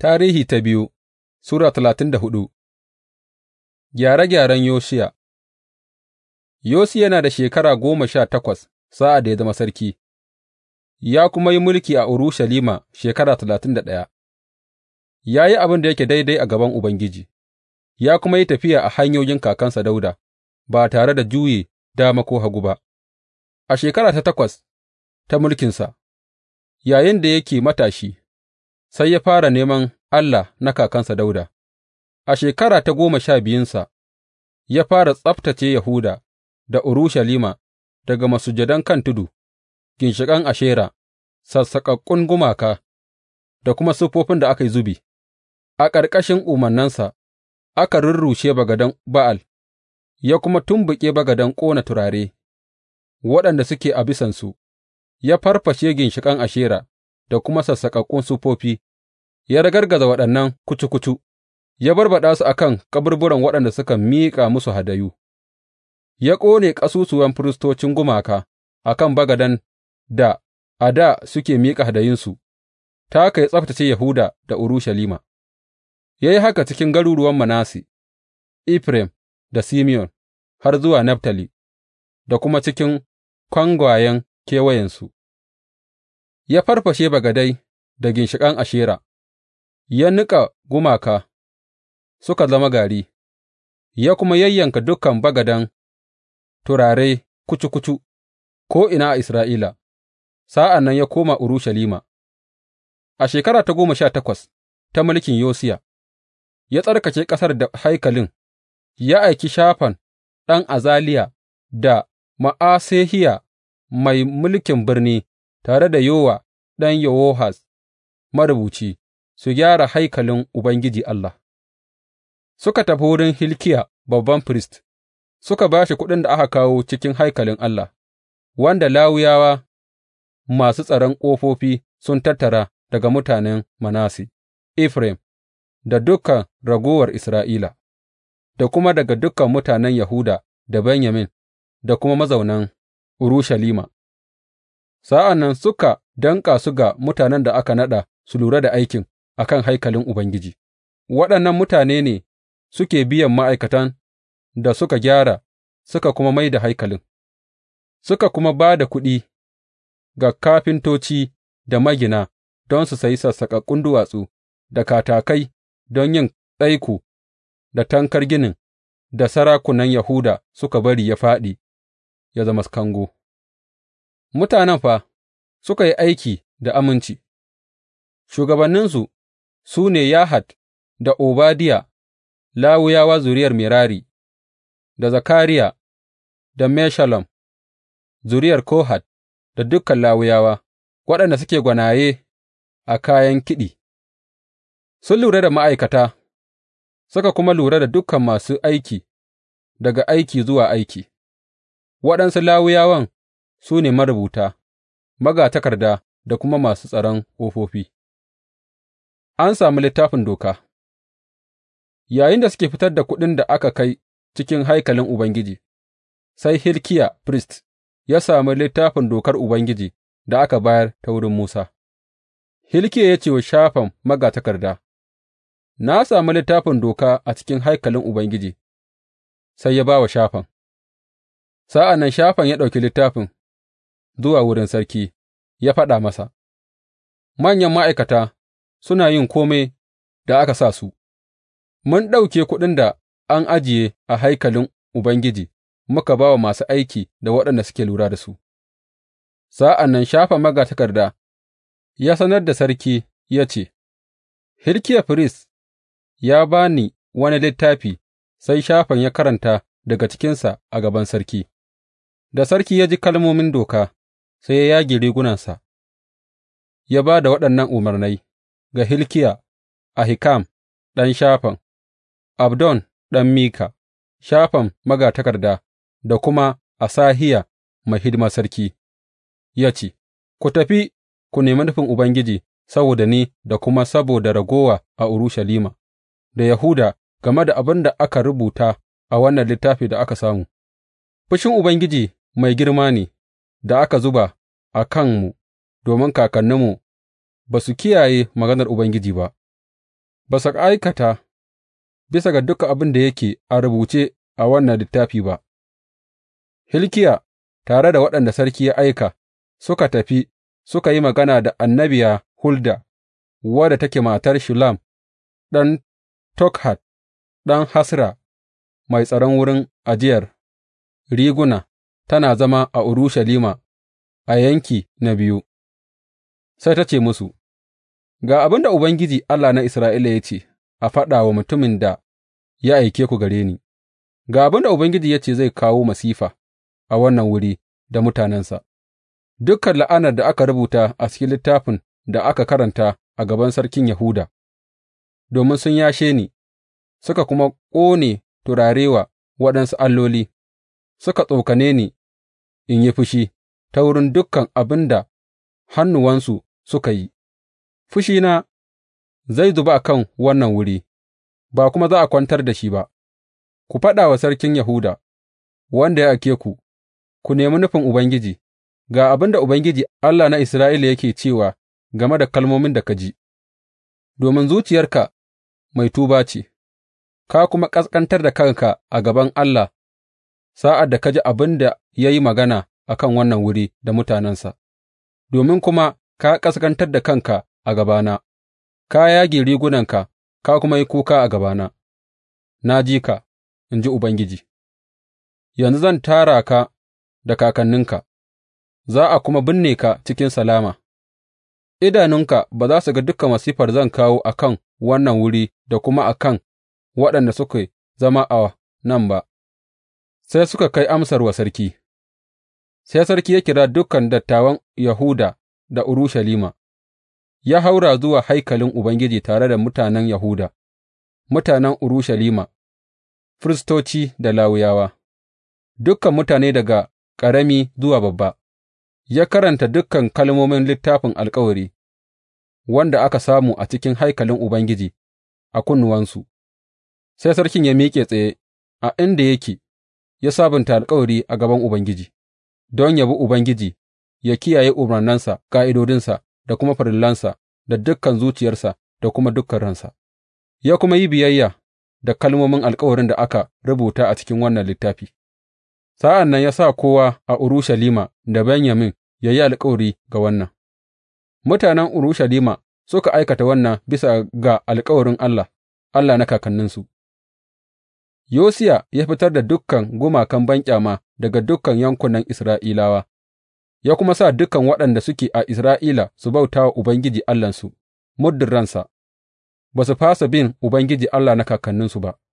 Tarihi ta biyu Sura talatin da hudu Gyare gyaren Yosiya. Yosiya yana da shekara goma sha takwas sa'ad da ya zama sarki, ya kuma yi mulki a Urushalima shekara talatin da ɗaya, ya yi abin da yake daidai a gaban Ubangiji, ya kuma yi tafiya a hanyoyin kakansa Dauda ba tare da juye dama ko hagu ba. A shekara ta takwas ta mulkinsa, yayin da yake matashi. sai ya fara neman Allah na kakansa Dawuda, a shekara ta goma sha biyunsa ya fara tsabtace Yahuda da Urushalima daga masujadan kan tudu, ginshiƙan Ashera, sassaƙaƙƙun gumaka da kuma siffofin da aka yi zubi, a ƙarƙashin umarnansa aka rurrushe bagadan Ba'al, ya kuma tumbuƙe bagadan ƙona turare waɗanda suke a bisansu, ya farfashe ginshiƙan Ashera da kuma sassaƙaƙƙun siffofi, ya ragargaza waɗannan kucu kucu, ya barbaɗa su a kan kaburburan waɗanda suka miƙa musu hadayu, ya ƙone ƙasusuwan firistocin gumaka a kan bagadan da a da suke miƙa hadayunsu, ta haka ya Yahuda da Urushalima, ya yi haka cikin garuruwan Manasi, Efraim da Simeon har zuwa Naftali, da kuma cikin kangwayen kewayensu. ya farfashe bagadai da ginshiƙan Ashera, ya niƙa gumaka suka zama gari, ya kuma yayyanka dukan bagadan turare kucu kucu ko'ina a Isra'ila, sa'an nan ya koma Urushalima. A shekara ta goma sha takwas ta mulkin Yosiya, ya tsarkake ƙasar da haikalin, ya aiki Shafan ɗan Azaliya da Ma'asehiya mai mulkin birni tare da Yowa ɗan Yowahaz marubuci, su gyara haikalin Ubangiji Allah. Suka tafi wurin Hilkiya babban firist, suka ba shi kuɗin da aka kawo cikin haikalin Allah, wanda lawuyawa masu tsaron ƙofofi sun tattara daga mutanen Manasi, Efraim, da dukan ragowar Isra'ila, da kuma daga dukan mutanen Yahuda da Benyamin, da kuma mazaunan Urushalima. Sa'an nan suka danƙa su ga mutanen da aka naɗa su lura da aikin a kan haikalin Ubangiji, waɗannan mutane ne suke biyan ma'aikatan da suka gyara suka kuma mai da haikalin, suka kuma ba da kuɗi ga kafintoci da magina don su sayi sassaƙaƙƙun duwatsu da katakai don yin tsaiko da tankar ginin da sarakunan Yahuda suka bari ya fāɗi ya zama kango. mutanen fa suka yi aiki da aminci, shugabanninsu su ne Yahat da Obadiya, lawuyawa zuriyar Merari, da Zakariya da Meshalom zuriyar Kohat da dukan lawuyawa, waɗanda suke gwanaye a kayan kiɗi, sun lura da ma'aikata, suka kuma lura da dukan masu aiki daga aiki zuwa aiki, waɗansu lawuyawan? su ne marubuta, magatakarda da kuma masu tsaron ƙofofi. An sami littafin doka Yayinda suke fitar da kuɗin da aka kai cikin haikalin Ubangiji, sai Hilkiya firist ya sami littafin dokar Ubangiji da aka bayar ta wurin Musa. Hilkiya ya ce wa Shafan magatakarda, Na sami littafin doka a cikin haikalin Ubangiji, sai ya ba wa Shafan. Sa'an nan Shafan ya ɗauki littafin zuwa wurin sarki ya faɗa masa, Manyan ma'aikata suna yin kome da aka sa su, mun ɗauke kuɗin da an ajiye a haikalin Ubangiji muka ba wa masu aiki da waɗanda suke lura da su. Sa'an nan shafa magatakarda ya sanar da sarki ya ce, Hirkiya firist ya ba ni wani littafi, sai Shafan ya karanta daga cikinsa a gaban sarki, da sarki ya ji kalmomin doka, sai ya yage rigunansa, ya ba da waɗannan umarnai ga Hilkiya, Ahikam ɗan Shafan, Abdon ɗan Mika, Shafan magatakarda da kuma Asahiya mai hidimar sarki, ya ce, Ku tafi ku nemi nufin Ubangiji saboda ni da kuma saboda ragowa a Urushalima da Yahuda game da abin da aka rubuta a wannan littafi da aka samu. Fushin Ubangiji mai girma ne da aka zuba a kanmu domin kakanninmu ba su kiyaye maganar Ubangiji ba, ba su aikata bisa ga dukan abin da yake a rubuce a wannan littafi ba. Hilkiya tare da waɗanda sarki ya aika suka tafi suka yi magana da annabiya Hulda, wadda take matar Shulam, ɗan Tokhat, ɗan Hasra, mai tsaron wurin ajiyar riguna, tana zama a Urushalima a yanki na biyu, sai ta ce musu, Ga abin da Ubangiji Allah na Isra'ila ya ce a faɗa wa mutumin da ya aike ku gare ni, Ga abin da Ubangiji ya ce zai kawo masifa a wannan wuri da mutanensa, Dukkan la'anar da aka rubuta a cikin littafin da aka karanta a gaban sarkin Yahuda, domin sun yashe ni, suka kuma ƙone turarewa waɗansu alloli. suka tsokane ni in yi fushi ta wurin dukan abin da hannuwansu suka yi, fushina zai zuba a kan wannan wuri, ba kuma za a kwantar da shi ba, ku faɗa wa sarkin Yahuda, wanda ya ake ku, ku nemi nufin Ubangiji, ga abin da Ubangiji Allah na Isra'ila yake cewa game da kalmomin da ka ji, domin zuciyarka mai tuba ce, ka kuma ƙasƙantar da kanka a gaban Allah sa'ad da ka ji abin da ya yi magana a kan wannan wuri da mutanensa, domin kuma ka ƙasƙantar da kanka a gabana, ka yage rigunanka ka kuma yi kuka a gabana, na ji ka, in ji Ubangiji, yanzu zan tara ka da kakanninka, za a kuma binne ka cikin salama, idanunka ba za su ga dukan masifar zan kawo a kan wannan wuri da kuma a kan waɗanda suke zama a nan ba. sai suka kai amsar wa sarki, sai sarki ya kira dukan dattawan Yahuda da Urushalima, ya haura zuwa haikalin Ubangiji tare da mutanen Yahuda, mutanen Urushalima, firistoci da Lawuyawa. dukan mutane daga ƙarami zuwa babba, ya karanta dukan kalmomin littafin alkawari wanda aka samu a cikin haikalin Ubangiji a kunnuwansu, sai sarkin ya miƙe tsaye a inda yake. ya sabunta alkawari a gaban Ubangiji, don yă bi Ubangiji, ya kiyaye umarnansa, ƙa'idodinsa da kuma farillansa da dukan zuciyarsa da kuma dukan ransa, ya kuma yi biyayya da kalmomin alkawarin da aka rubuta a cikin wannan littafi. Sa'an nan ya sa kowa a Urushalima da Benyamin ya yi alkawari ga wannan. Mutanen Urushalima suka aikata wannan bisa ga alkawarin Allah, Allah na kakanninsu. Yosiya ya fitar da dukan gumakan banƙyama daga dukan yankunan Isra'ilawa, ya kuma sa dukan waɗanda suke a Isra'ila su bauta wa Ubangiji Allahnsu muddin ransa, ba su fasa bin Ubangiji Allah na kakanninsu ba.